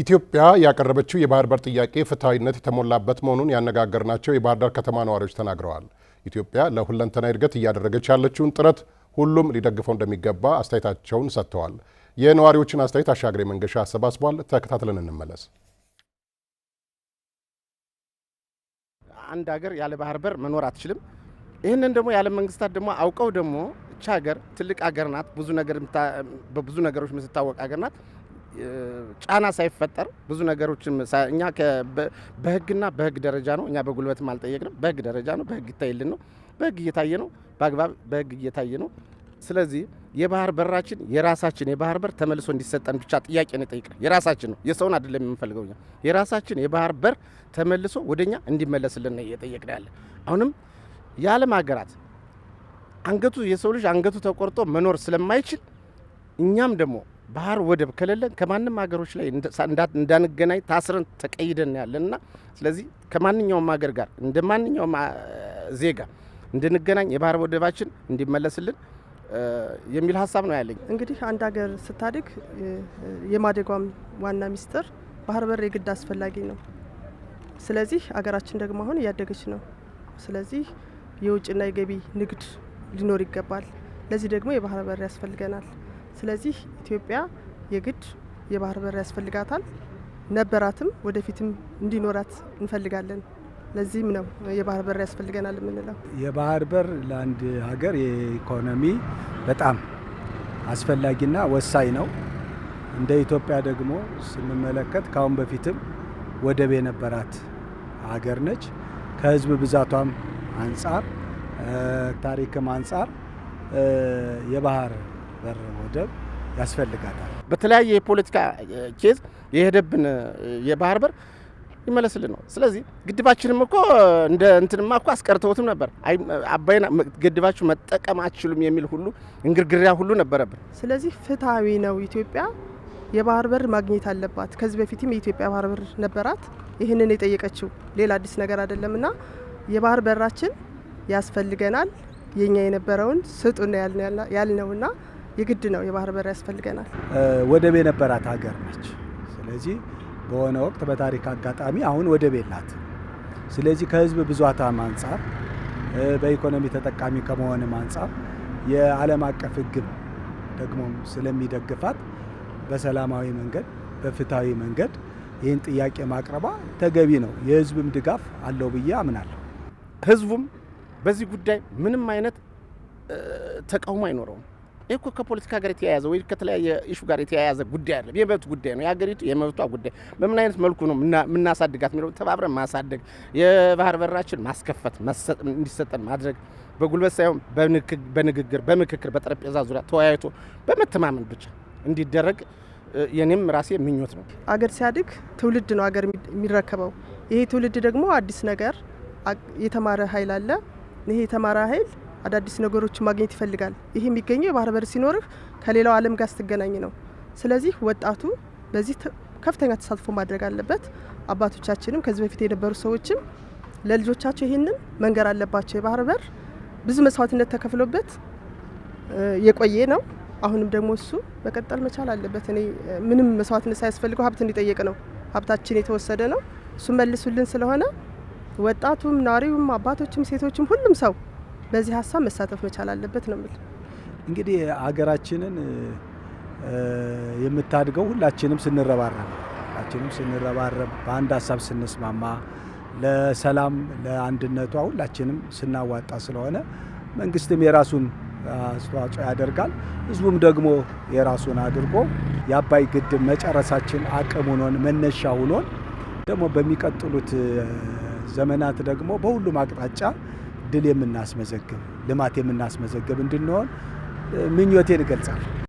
ኢትዮጵያ ያቀረበችው የባህር በር ጥያቄ ፍትሐዊነት የተሞላበት መሆኑን ያነጋገርናቸው የባህር ዳር ከተማ ነዋሪዎች ተናግረዋል። ኢትዮጵያ ለሁለንተና እድገት እያደረገች ያለችውን ጥረት ሁሉም ሊደግፈው እንደሚገባ አስተያየታቸውን ሰጥተዋል። የነዋሪዎችን አስተያየት አሻግሬ መንገሻ አሰባስቧል። ተከታትለን እንመለስ። አንድ ሀገር ያለ ባህር በር መኖር አትችልም። ይህንን ደግሞ የዓለም መንግስታት ደግሞ አውቀው ደግሞ እቻ ሀገር ትልቅ ሀገር ናት፣ ብዙ ነገር በብዙ ነገሮች የምትታወቅ ሀገር ናት ጫና ሳይፈጠር ብዙ ነገሮችን እኛ በህግና በህግ ደረጃ ነው። እኛ በጉልበትም አልጠየቅንም። በህግ ደረጃ ነው። በህግ ይታይልን ነው። በህግ እየታየ ነው። በአግባብ በህግ እየታየ ነው። ስለዚህ የባህር በራችን የራሳችን የባህር በር ተመልሶ እንዲሰጠን ብቻ ጥያቄ ነው ጠይቀ የራሳችን ነው የሰውን አይደለም የምንፈልገው። እኛ የራሳችን የባህር በር ተመልሶ ወደኛ እንዲመለስልን ነው እየጠየቅን ያለ። አሁንም የዓለም ሀገራት አንገቱ የሰው ልጅ አንገቱ ተቆርጦ መኖር ስለማይችል እኛም ደግሞ ባህር ወደብ ከሌለን ከማንም ሀገሮች ላይ እንዳንገናኝ ታስረን ተቀይደን ያለን እና ስለዚህ ከማንኛውም ሀገር ጋር እንደ ማንኛውም ዜጋ እንድንገናኝ የባህር ወደባችን እንዲመለስልን የሚል ሀሳብ ነው ያለኝ። እንግዲህ አንድ ሀገር ስታድግ የማደጓም ዋና ሚስጥር ባህር በር የግድ አስፈላጊ ነው። ስለዚህ ሀገራችን ደግሞ አሁን እያደገች ነው። ስለዚህ የውጭና የገቢ ንግድ ሊኖር ይገባል። ለዚህ ደግሞ የባህር በር ያስፈልገናል። ስለዚህ ኢትዮጵያ የግድ የባህር በር ያስፈልጋታል፣ ነበራትም ወደፊትም እንዲኖራት እንፈልጋለን። ለዚህም ነው የባህር በር ያስፈልገናል የምንለው። የባህር በር ለአንድ ሀገር የኢኮኖሚ በጣም አስፈላጊና ወሳኝ ነው። እንደ ኢትዮጵያ ደግሞ ስንመለከት ከአሁን በፊትም ወደብ የነበራት ሀገር ነች። ከህዝብ ብዛቷም አንጻር ታሪክም አንጻር የባህር በር ወደብ ያስፈልጋታል። በተለያየ የፖለቲካ ኬዝ የሄደብን የባህር በር ይመለስልን ነው። ስለዚህ ግድባችንም እኮ እንደ እንትንማ እኮ አስቀርተውትም ነበር። አባይን ግድባችሁ መጠቀም አትችሉም የሚል ሁሉ እንግርግሪያ ሁሉ ነበረብን። ስለዚህ ፍትሐዊ ነው። ኢትዮጵያ የባህር በር ማግኘት አለባት። ከዚህ በፊትም የኢትዮጵያ ባህር በር ነበራት። ይህንን የጠየቀችው ሌላ አዲስ ነገር አይደለም የባህር በራችን ያስፈልገናል የኛ የነበረውን ስጡና ያልነውና የግድ ነው የባህር በር ያስፈልገናል። ወደብ የነበራት ሀገር ነች። ስለዚህ በሆነ ወቅት በታሪክ አጋጣሚ አሁን ወደብ የላት። ስለዚህ ከህዝብ ብዛቷም አንጻር በኢኮኖሚ ተጠቃሚ ከመሆንም አንጻር የዓለም አቀፍ ህግም ደግሞ ስለሚደግፋት በሰላማዊ መንገድ በፍትሐዊ መንገድ ይህን ጥያቄ ማቅረቧ ተገቢ ነው። የህዝብም ድጋፍ አለው ብዬ አምናለሁ። ህዝቡም በዚህ ጉዳይ ምንም አይነት ተቃውሞ አይኖረውም። ይህ እኮ ከፖለቲካ ጋር የተያያዘ ወይ ከተለያየ ኢሹ ጋር የተያያዘ ጉዳይ አይደለም። የመብት ጉዳይ ነው። የሀገሪቱ የመብቷ ጉዳይ በምን አይነት መልኩ ነው የምናሳድጋት የሚለው ተባብረን ማሳደግ፣ የባህር በራችን ማስከፈት እንዲሰጠን ማድረግ በጉልበት ሳይሆን በንግግር በምክክር፣ በጠረጴዛ ዙሪያ ተወያይቶ በመተማመን ብቻ እንዲደረግ የኔም ራሴ ምኞት ነው። አገር ሲያድግ ትውልድ ነው አገር የሚረከበው። ይሄ ትውልድ ደግሞ አዲስ ነገር የተማረ ኃይል አለ። ይሄ የተማረ ኃይል አዳዲስ ነገሮችን ማግኘት ይፈልጋል። ይህ የሚገኘው የባህር በር ሲኖርህ ከሌላው ዓለም ጋር ስትገናኝ ነው። ስለዚህ ወጣቱ በዚህ ከፍተኛ ተሳትፎ ማድረግ አለበት። አባቶቻችንም ከዚህ በፊት የነበሩ ሰዎችም ለልጆቻቸው ይህንን መንገር አለባቸው። የባህር በር ብዙ መስዋዕትነት ተከፍሎበት የቆየ ነው። አሁንም ደግሞ እሱ መቀጠል መቻል አለበት። እኔ ምንም መስዋዕትነት ሳያስፈልገው ሀብት እንዲጠየቅ ነው። ሀብታችን የተወሰደ ነው። እሱ መልሱልን ስለሆነ ወጣቱም፣ ናሪውም፣ አባቶችም፣ ሴቶችም ሁሉም ሰው በዚህ ሀሳብ መሳተፍ መቻል አለበት ነው የምል። እንግዲህ ሀገራችንን የምታድገው ሁላችንም ስንረባረብ ሁላችንም ስንረባረብ በአንድ ሀሳብ ስንስማማ ለሰላም ለአንድነቷ ሁላችንም ስናዋጣ ስለሆነ መንግስትም የራሱን አስተዋጽኦ ያደርጋል፣ ህዝቡም ደግሞ የራሱን አድርጎ የአባይ ግድብ መጨረሳችን አቅም ሆኖን መነሻ ሆኖን ደግሞ በሚቀጥሉት ዘመናት ደግሞ በሁሉም አቅጣጫ ድል የምናስመዘግብ ልማት የምናስመዘግብ እንድንሆን ምኞቴን እገልጻለሁ።